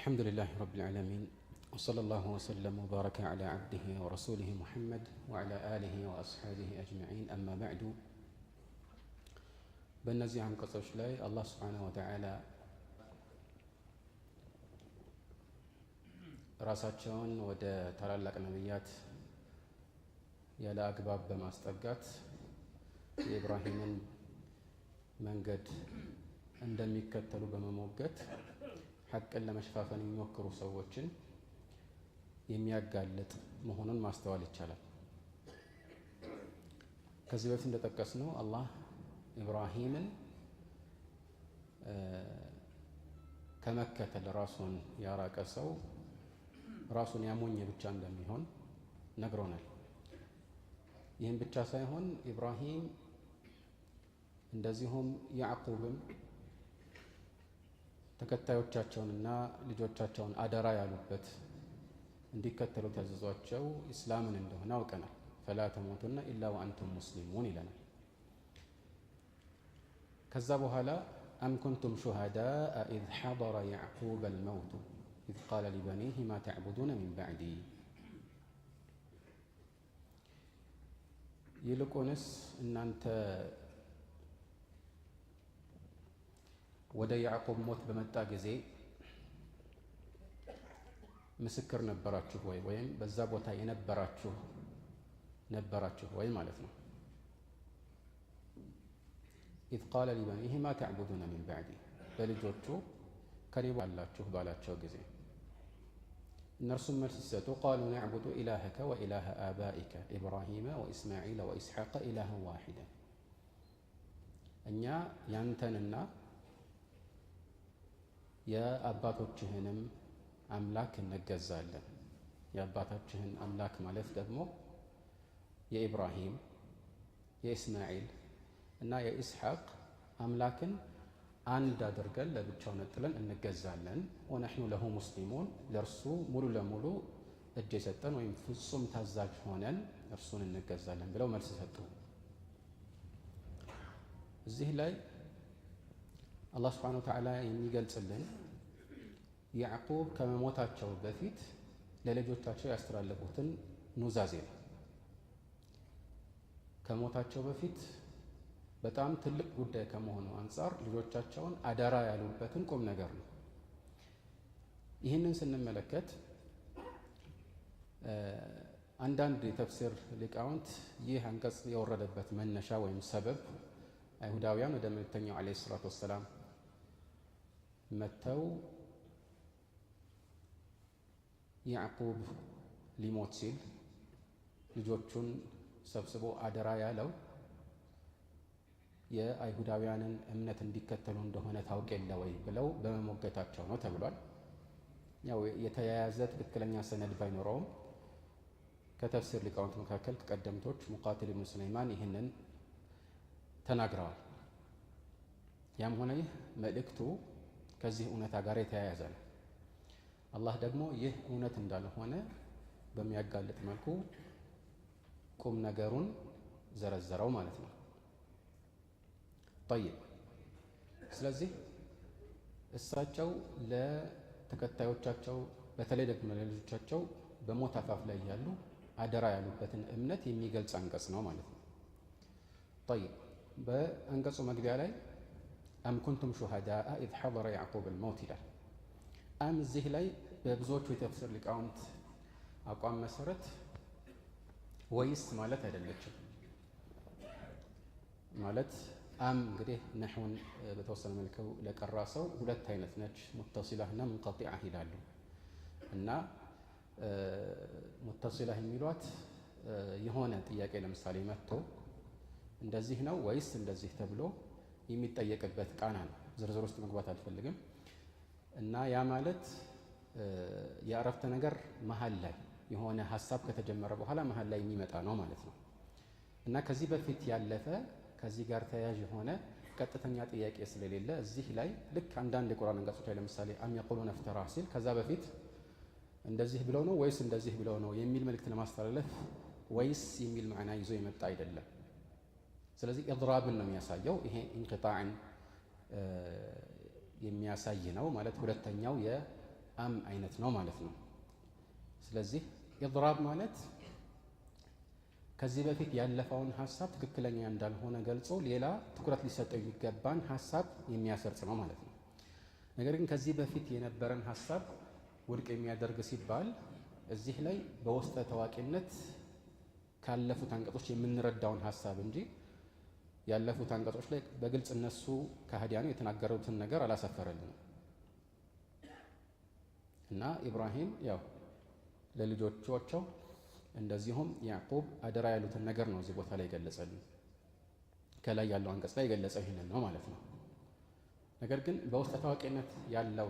الحمد لله رب العالمين وصلى الله وسلم وبارك على عبده ورسوله محمد وعلى آله وأصحابه أجمعين أما بعد بالنزي عن قصص لاي الله سبحانه وتعالى يلا ወደ بما استقات إبراهيم من قد عندما يكتلوا بما موقت ሐቅን ለመሸፋፈን የሚሞክሩ ሰዎችን የሚያጋልጥ መሆኑን ማስተዋል ይቻላል። ከዚህ በፊት እንደጠቀስ ነው አላህ ኢብራሂምን ከመከተል ራሱን ያራቀ ሰው ራሱን ያሞኘ ብቻ እንደሚሆን ነግሮናል። ይህም ብቻ ሳይሆን ኢብራሂም እንደዚሁም ያዕቁብም ተከታዮቻቸውንና ልጆቻቸውን አደራ ያሉበት እንዲከተሉት ያዘዟቸው ኢስላምን እንደሆነ አውቀናል። ፈላ ተሞቱና ኢላ ወአንቱም ሙስሊሙን ይለናል። ከዛ በኋላ አም ኩንቱም ሹሃዳ ኢዝ ሐደረ ያዕቁበ አልመውቱ ኢዝ ቃለ ሊበኒህ ማ ተዕቡዱነ ሚን ባዕዲ ይልቁንስ እናንተ ወደ ያዕቆብ ሞት በመጣ ጊዜ ምስክር ነበራችሁ ወይ ወይም በዛ ቦታ የነበራችሁ ነበራችሁ ወይ ማለት ነው። ኢዝ ቃለ ሊበኒህ ማ ተዕቡዱነ ሚን ባዕዲ በልጆቹ ከኔ አላችሁ ባላቸው ጊዜ እነርሱም መልስ ሲሰጡ ቃሉ ነዕቡዱ ኢላሀከ ወኢላሀ አባኢከ ኢብራሂመ ወኢስማዒለ ወኢስሐቀ ኢላሃን ዋሒደን እኛ ያንተንና የአባቶችህንም አምላክ እንገዛለን። የአባቶችህን አምላክ ማለት ደግሞ የኢብራሂም የእስማኤል እና የኢስሐቅ አምላክን አንድ አድርገን ለብቻው ነጥለን እንገዛለን። ወነሕኑ ለሁ ሙስሊሙን ለእርሱ ሙሉ ለሙሉ እጅ የሰጠን ወይም ፍጹም ታዛዥ ሆነን እርሱን እንገዛለን ብለው መልስ ሰጡ። እዚህ ላይ አላህ ስብሓነ ወተዓላ የሚገልጽልን ያዕቁብ ከመሞታቸው በፊት ለልጆቻቸው ያስተላለፉትን ኑዛዜ ነው። ከሞታቸው በፊት በጣም ትልቅ ጉዳይ ከመሆኑ አንጻር ልጆቻቸውን አደራ ያሉበትን ቁም ነገር ነው። ይህንን ስንመለከት አንዳንድ የተፍሲር ሊቃውንት ይህ አንቀጽ የወረደበት መነሻ ወይም ሰበብ አይሁዳውያን ወደ መልእክተኛው ዓለይሂ ሰላቱ ወሰላም መጥተው ያዕቁብ ሊሞት ሲል ልጆቹን ሰብስቦ አደራ ያለው የአይሁዳውያንን እምነት እንዲከተሉ እንደሆነ ታውቅ የለ ወይ ብለው በመሞገታቸው ነው ተብሏል። ያው የተያያዘ ትክክለኛ ሰነድ ባይኖረውም ከተፍሲር ሊቃውንት መካከል ቀደምቶች ሙቃትል ብኑ ሱለይማን ይህንን ተናግረዋል። ያም ሆነ ይህ መልእክቱ ከዚህ እውነታ ጋር የተያያዘ ነው። አላህ ደግሞ ይህ እውነት እንዳልሆነ በሚያጋልጥ መልኩ ቁም ነገሩን ዘረዘረው ማለት ነው። ጠይብ ስለዚህ እሳቸው ለተከታዮቻቸው በተለይ ደግሞ ለልጆቻቸው በሞት አፋፍ ላይ ያሉ አደራ ያሉበትን እምነት የሚገልጽ አንቀጽ ነው ማለት ነው። ጠይብ በአንቀጹ መግቢያ ላይ أم كنتم شهداء إذ حضر يعقوب الموت إلى أم الزهلي بزوج تفسر لك أنت أقام مسرت ويس مالت هذا مالت أم قده نحو بتوصل ملك لك الراسة ولا تينت نتش متصلة هنا منقطعة هلاله أن متصلة الميلوات يهونت إياك إلى مسالي ماتو እንደዚህ ነው ወይስ እንደዚህ ተብሎ የሚጠየቅበት ቃና ነው። ዝርዝር ውስጥ መግባት አልፈልግም እና ያ ማለት የአረፍተ ነገር መሀል ላይ የሆነ ሀሳብ ከተጀመረ በኋላ መሀል ላይ የሚመጣ ነው ማለት ነው እና ከዚህ በፊት ያለፈ ከዚህ ጋር ተያያዥ የሆነ ቀጥተኛ ጥያቄ ስለሌለ እዚህ ላይ ልክ አንዳንድ የቁርአን አንቀጾች ላይ ለምሳሌ አም የቁሉነ ፍተራ ሲል ከዛ በፊት እንደዚህ ብለው ነው ወይስ እንደዚህ ብለው ነው የሚል መልእክት ለማስተላለፍ ወይስ የሚል ማዕና ይዞ የመጣ አይደለም። ስለዚህ ኢድራብን ነው የሚያሳየው። ይሄ እንቅጣዕን የሚያሳይ ነው ማለት ሁለተኛው የአም አይነት ነው ማለት ነው። ስለዚህ ኢድራብ ማለት ከዚህ በፊት ያለፈውን ሀሳብ ትክክለኛ እንዳልሆነ ገልጾ ሌላ ትኩረት ሊሰጠው የሚገባን ሀሳብ የሚያሰርጽ ነው ማለት ነው። ነገር ግን ከዚህ በፊት የነበረን ሀሳብ ውድቅ የሚያደርግ ሲባል እዚህ ላይ በውስጠ ታዋቂነት ካለፉት አንቀጾች የምንረዳውን ሀሳብ እንጂ ያለፉት አንቀጾች ላይ በግልጽ እነሱ ከሃዲያኑ የተናገሩትን ነገር አላሰፈረልንም እና ኢብራሂም ያው ለልጆቻቸው እንደዚሁም ያዕቁብ አደራ ያሉትን ነገር ነው እዚህ ቦታ ላይ የገለጸልን። ከላይ ያለው አንቀጽ ላይ የገለጸው ይህንን ነው ማለት ነው። ነገር ግን በውስጥ ታዋቂነት ያለው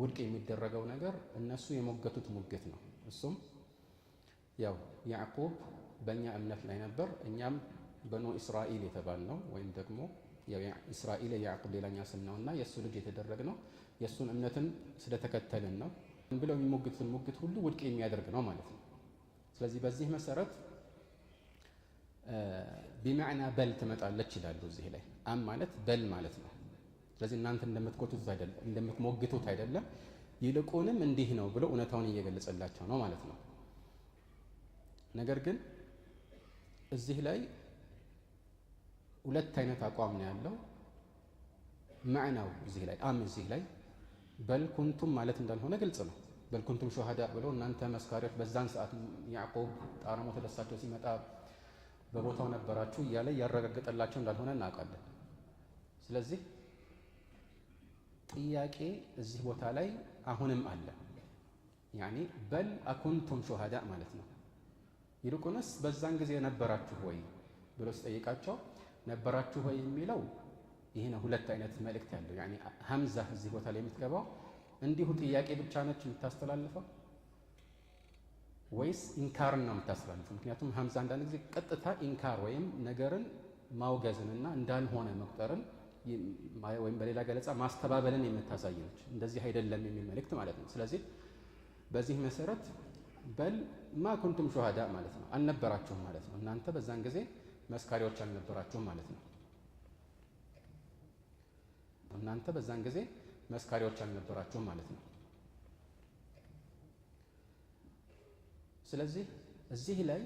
ውድቅ የሚደረገው ነገር እነሱ የሞገቱት ሙግት ነው። እሱም ያው ያዕቁብ በእኛ እምነት ላይ ነበር። እኛም በኖ እስራኤል ነው ወይም ደግሞ እስራኤል የያዕቁብ ሌላኛ ስም እና የእሱ ልጅ የተደረግ ነው። የእሱን እምነትን ስለተከተልን ነው ብለው የሚሞግቱትን ሙግት ሁሉ ውድቅ የሚያደርግ ነው ማለት ነው። ስለዚህ በዚህ መሰረት ቢመዕና በል ትመጣለች ይላሉ። እዚህ ላይ አም ማለት በል ማለት ነው። ስለዚህ እናንተ እንደምትቆቱት አይደለም፣ እንደምትሞግቱት አይደለም። ይልቁንም እንዲህ ነው ብሎ እውነታውን እየገለጸላቸው ነው ማለት ነው። ነገር ግን እዚህ ላይ ሁለት አይነት አቋም ነው ያለው። ማዕናው እዚህ ላይ አም እዚህ ላይ በልኩንቱም ማለት እንዳልሆነ ግልጽ ነው። በልኩንቱም ሹሃዳ ብሎ እናንተ መስካሪዎች፣ በዛን ሰዓት ያዕቆብ ጣረ ሞተ ደሳቸው ሲመጣ በቦታው ነበራችሁ እያለ ያረጋገጠላቸው እንዳልሆነ እናውቃለን። ስለዚህ ጥያቄ እዚህ ቦታ ላይ አሁንም አለ። ያኔ በል አኩንቱም ሹሃዳ ማለት ነው ይልቁንስ በዛን ጊዜ ነበራችሁ ወይ ብሎ ሲጠይቃቸው ነበራችሁ ወይ የሚለው ይህነ ሁለት አይነት መልእክት ያለው ያኔ ሀምዛ እዚህ ቦታ ላይ የምትገባው እንዲሁ ጥያቄ ብቻ ነች የምታስተላልፈው ወይስ ኢንካርን ነው የምታስተላልፈው? ምክንያቱም ሀምዛ አንዳንድ ጊዜ ቀጥታ ኢንካር ወይም ነገርን ማውገዝንና እንዳልሆነ መቁጠርን ወይም በሌላ ገለጻ ማስተባበልን የምታሳይ ነች። እንደዚህ አይደለም የሚል መልእክት ማለት ነው። ስለዚህ በዚህ መሰረት በል ማ ኩንቱም ሹሃዳ ማለት ነው። አልነበራችሁም ማለት ነው። እናንተ በዛን ጊዜ መስካሪዎች አልነበራችሁም ማለት ነው። እናንተ በዛን ጊዜ መስካሪዎች አልነበራችሁም ማለት ነው። ስለዚህ እዚህ ላይ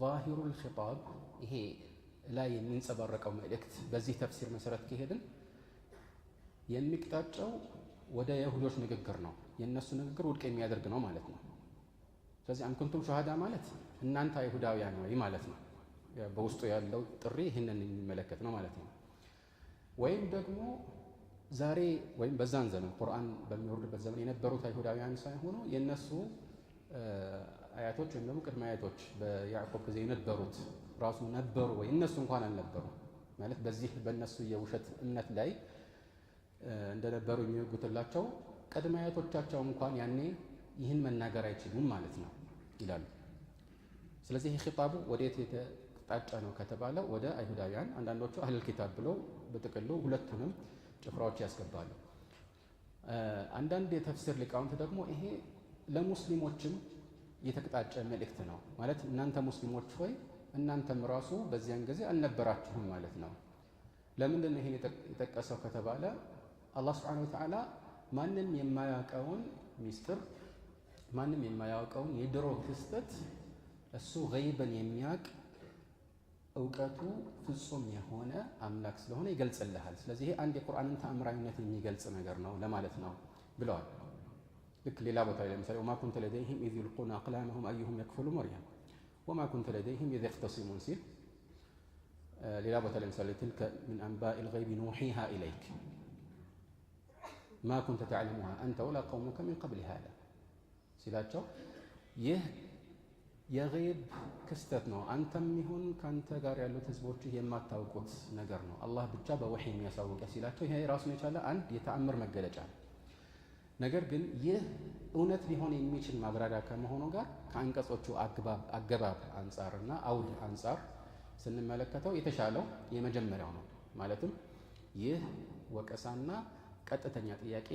ቫሂሩል ኺጣብ ይሄ ላይ የሚንጸባረቀው መልእክት በዚህ ተፍሲር መሰረት ከሄድን የሚቅጣጫው ወደ አይሁዶች ንግግር ነው። የእነሱ ንግግር ውድቅ የሚያደርግ ነው ማለት ነው። ስለዚህ አንኩንቱም ሸሃዳ ማለት እናንተ አይሁዳውያን ወይ ማለት ነው። በውስጡ ያለው ጥሪ ይህንን የሚመለከት ነው ማለት ነው። ወይም ደግሞ ዛሬ ወይም በዛን ዘመን ቁርአን በሚወርድበት ዘመን የነበሩት አይሁዳውያን ሳይሆኑ የእነሱ አያቶች ወይም ደግሞ ቅድመ አያቶች በያዕቆብ ጊዜ የነበሩት ራሱ ነበሩ ወይ እነሱ እንኳን አልነበሩ ማለት በዚህ በእነሱ የውሸት እምነት ላይ እንደነበሩ የሚወጉትላቸው ቀድመ አያቶቻቸው እንኳን ያኔ ይህን መናገር አይችሉም ማለት ነው ይላሉ። ስለዚህ ይህ ኺጣቡ ወዴት የተጣጨ ነው ከተባለ ወደ አይሁዳውያን፣ አንዳንዶቹ አህለል ኪታብ ብለው በጥቅሉ ሁለቱንም ጭፍራዎች ያስገባሉ። አንዳንድ የተፍሲር ሊቃውንት ደግሞ ይሄ ለሙስሊሞችም የተቅጣጨ መልእክት ነው ማለት እናንተ ሙስሊሞች ሆይ እናንተም ራሱ በዚያን ጊዜ አልነበራችሁም ማለት ነው። ለምንድን ነው ይህን የጠቀሰው ከተባለ አላህ ስብሐነሁ ወተዓላ ማንም የማያውቀውን ሚስጥር ማንም የማያውቀውን የድሮ ክስተት እሱ ገይበን የሚያውቅ እውቀቱ ፍጹም የሆነ አምላክ ስለሆነ ይገልጽልሃል። ስለዚህ ይሄ አንድ የቁርአንን ተአምራዊነት የሚገልጽ ነገር ነው ለማለት ነው ብለዋል። ልክ ሌላ ቦታ ላይ ለምሳሌ ወማ ኩንተ ለደይህም ኢዝ ይልቁና አቅላመሁም አዩሁም የክፈሉ መርያም ወማ ኩንተ ለደይህም ኢዝ የኽተሲሙን ሲል ሌላ ቦታ ላይ ለምሳሌ ትልከ ምን አንባኢል ገይብ ኑሒሃ ኢለይክ ما كنت تعلمها أنت ولا قومك من قبل هذا ሲላቸው ይህ የይብ ክስተት ነው። አንተም ይሁን ከአንተ ጋር ያሉት ህዝቦች የማታውቁት ነገር ነው። አላህ ብቻ በወሒ የሚያሳውቀ ሲላቸው ይሄ ራሱን የቻለ አንድ የተአምር መገለጫ ነው። ነገር ግን ይህ እውነት ሊሆን የሚችል ማብራሪያ ከመሆኑ ጋር ከአንቀጾቹ አገባብ አንጻርና አውድ አንጻር ስንመለከተው የተሻለው የመጀመሪያው ነው። ማለትም ይህ ወቀሳና ቀጥተኛ ጥያቄ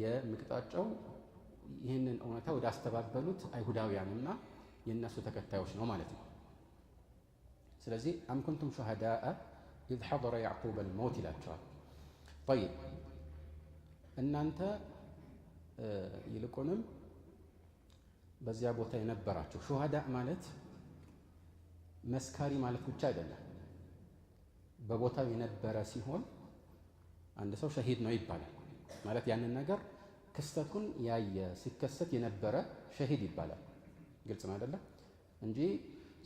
የምቅጣጫው ይህንን እውነታ ወደ አስተባበሉት አይሁዳውያንና የእነሱ ተከታዮች ነው ማለት ነው። ስለዚህ አምኩንቱም ሹሃዳአ ኢዝ ሐደረ ያዕቁብ አልመውት ይላቸዋል። ጠይብ እናንተ ይልቁንም በዚያ ቦታ የነበራችሁ ሹሃዳ ማለት መስካሪ ማለት ብቻ አይደለም። በቦታው የነበረ ሲሆን አንድ ሰው ሸሂድ ነው ይባላል። ማለት ያንን ነገር ክስተቱን ያየ ሲከሰት የነበረ ሸሂድ ይባላል። ግልጽ ነው አይደለም? እንጂ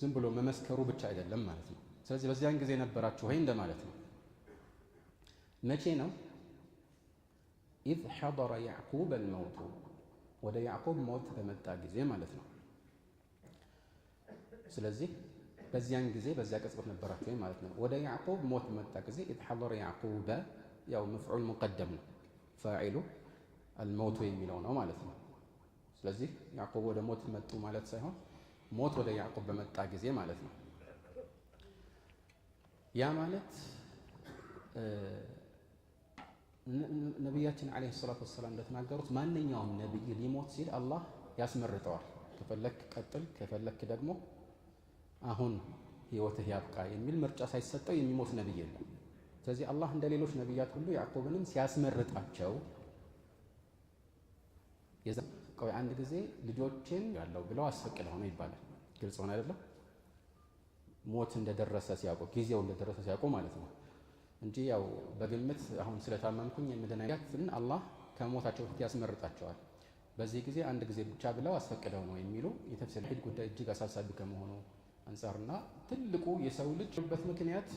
ዝም ብሎ መመስከሩ ብቻ አይደለም ማለት ነው። ስለዚህ በዚያን ጊዜ ነበራችሁ ወይ እንደማለት ነው። መቼ ነው? ኢዝ ሐደረ ያዕቁብ አልመውቱ ወደ ያዕቁብ ሞት በመጣ ጊዜ ማለት ነው። ስለዚህ በዚያን ጊዜ በዚያ ቅጽበት ነበራችሁ ወይ ማለት ነው። ወደ ያዕቁብ ሞት በመጣ ጊዜ ኢዝ ሐደረ ያዕቁበ ያው መፍዑል ሙቀደም ነው፣ ፋዒሉ አልመውቱ የሚለው ነው ማለት ነው። ስለዚህ ያዕቆብ ወደ ሞት መጡ ማለት ሳይሆን ሞት ወደ ያዕቆብ በመጣ ጊዜ ማለት ነው። ያ ማለት ነቢያችን ዓለይሂ ሰላቱ ወሰላም እንደተናገሩት ማንኛውም ነቢይ ሊሞት ሲል አላህ ያስመርጠዋል። ከፈለክ ቀጥል፣ ከፈለክ ደግሞ አሁን ህይወትህ ያብቃ የሚል ምርጫ ሳይሰጠው የሚሞት ነቢይ የለም። ስለዚህ አላህ እንደ ሌሎች ነቢያት ሁሉ ያዕቆብንም ሲያስመርጣቸው ቆይ አንድ ጊዜ ልጆችን ያለው ብለው አስፈቅደው ነው ይባላል። ግልጽ ሆነ አይደለም? ሞት እንደደረሰ ሲያውቁ ጊዜው እንደደረሰ ሲያውቁ ማለት ነው እንጂ ያው በግምት አሁን ስለታመምኩኝ የምድናያትን አላህ ከሞታቸው ፊት ያስመርጣቸዋል። በዚህ ጊዜ አንድ ጊዜ ብቻ ብለው አስፈቅደው ነው የሚሉ የተፍሲር ጉዳይ እጅግ አሳሳቢ ከመሆኑ አንጻርና ትልቁ የሰው ልጅ በት ምክንያት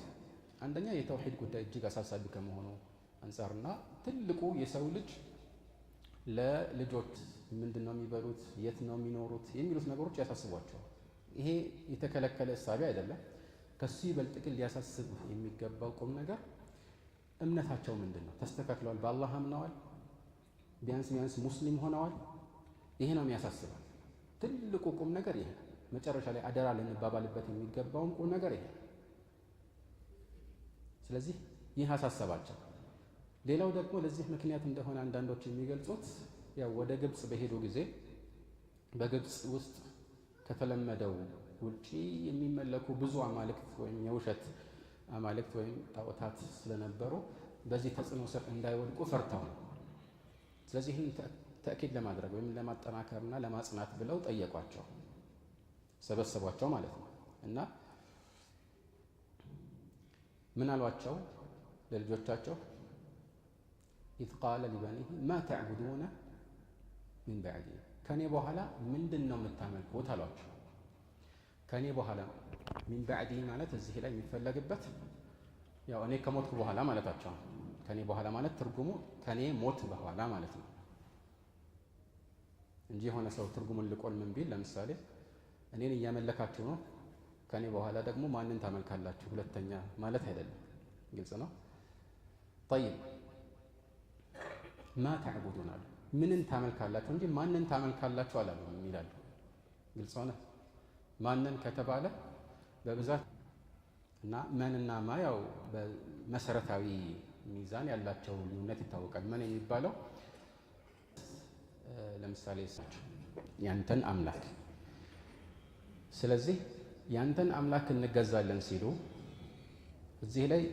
አንደኛ የተውሂድ ጉዳይ እጅግ አሳሳቢ ከመሆኑ አንጻርና ትልቁ የሰው ልጅ ለልጆች ምንድን ነው የሚበሉት፣ የት ነው የሚኖሩት የሚሉት ነገሮች ያሳስቧቸዋል። ይሄ የተከለከለ እሳቢ አይደለም። ከሱ ይበልጥ ግን ሊያሳስብ የሚገባው ቁም ነገር እምነታቸው ምንድን ነው? ተስተካክለዋል? በአላህ አምነዋል? ቢያንስ ቢያንስ ሙስሊም ሆነዋል? ይሄ ነው የሚያሳስበው። ትልቁ ቁም ነገር ይሄ መጨረሻ ላይ አደራ ልንባባልበት የሚገባውን ቁም ነገር ይሄ ስለዚህ ይህ አሳሰባቸው። ሌላው ደግሞ ለዚህ ምክንያት እንደሆነ አንዳንዶች የሚገልጹት ያው ወደ ግብፅ በሄዱ ጊዜ በግብፅ ውስጥ ከተለመደው ውጪ የሚመለኩ ብዙ አማልክት ወይም የውሸት አማልክት ወይም ጣዖታት ስለነበሩ በዚህ ተጽዕኖ ስር እንዳይወድቁ ፈርተው ነው። ስለዚህ ተእኪድ ለማድረግ ወይም ለማጠናከርና ለማጽናት ብለው ጠየቋቸው፣ ሰበሰቧቸው ማለት ነው እና ምን አሏቸው ለልጆቻቸው ኢዝ ቃለ ሊበኒህ ማ ተዕቡዱነ ሚን በዕዲ ከእኔ በኋላ ምንድን ነው የምታመልኩት አሏቸው ከእኔ በኋላ ሚን በዕዲ ማለት እዚህ ላይ የሚፈለግበት ያው እኔ ከሞትኩ በኋላ ማለታቸው ከእኔ በኋላ ማለት ትርጉሙ ከእኔ ሞት በኋላ ማለት ነው እንጂ የሆነ ሰው ትርጉሙን ልቆል ምን ቢል ለምሳሌ እኔን እያመለካችሁ ነው ከኔ በኋላ ደግሞ ማንን ታመልካላችሁ ሁለተኛ ማለት አይደለም። ግልጽ ነው። ጠይብ ማ ተዕቡዱን አሉ ምንን ታመልካላችሁ እንጂ ማንን ታመልካላችሁ አላሉም ይላሉ። ግልጽ ሆነ። ማንን ከተባለ በብዛት እና መንና ማ ያው መሰረታዊ ሚዛን ያላቸው ልዩነት ይታወቃል። ምን የሚባለው ለምሳሌ ያንተን አምላክ ስለዚህ ያንተን አምላክ እንገዛለን ሲሉ እዚህ ላይ